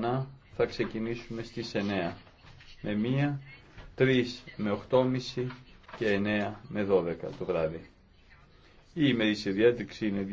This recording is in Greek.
ξανά θα ξεκινήσουμε στις 9 με 1, 3 με 8.30 και 9 με 12 το βράδυ. Η ημερήσια διάταξη είναι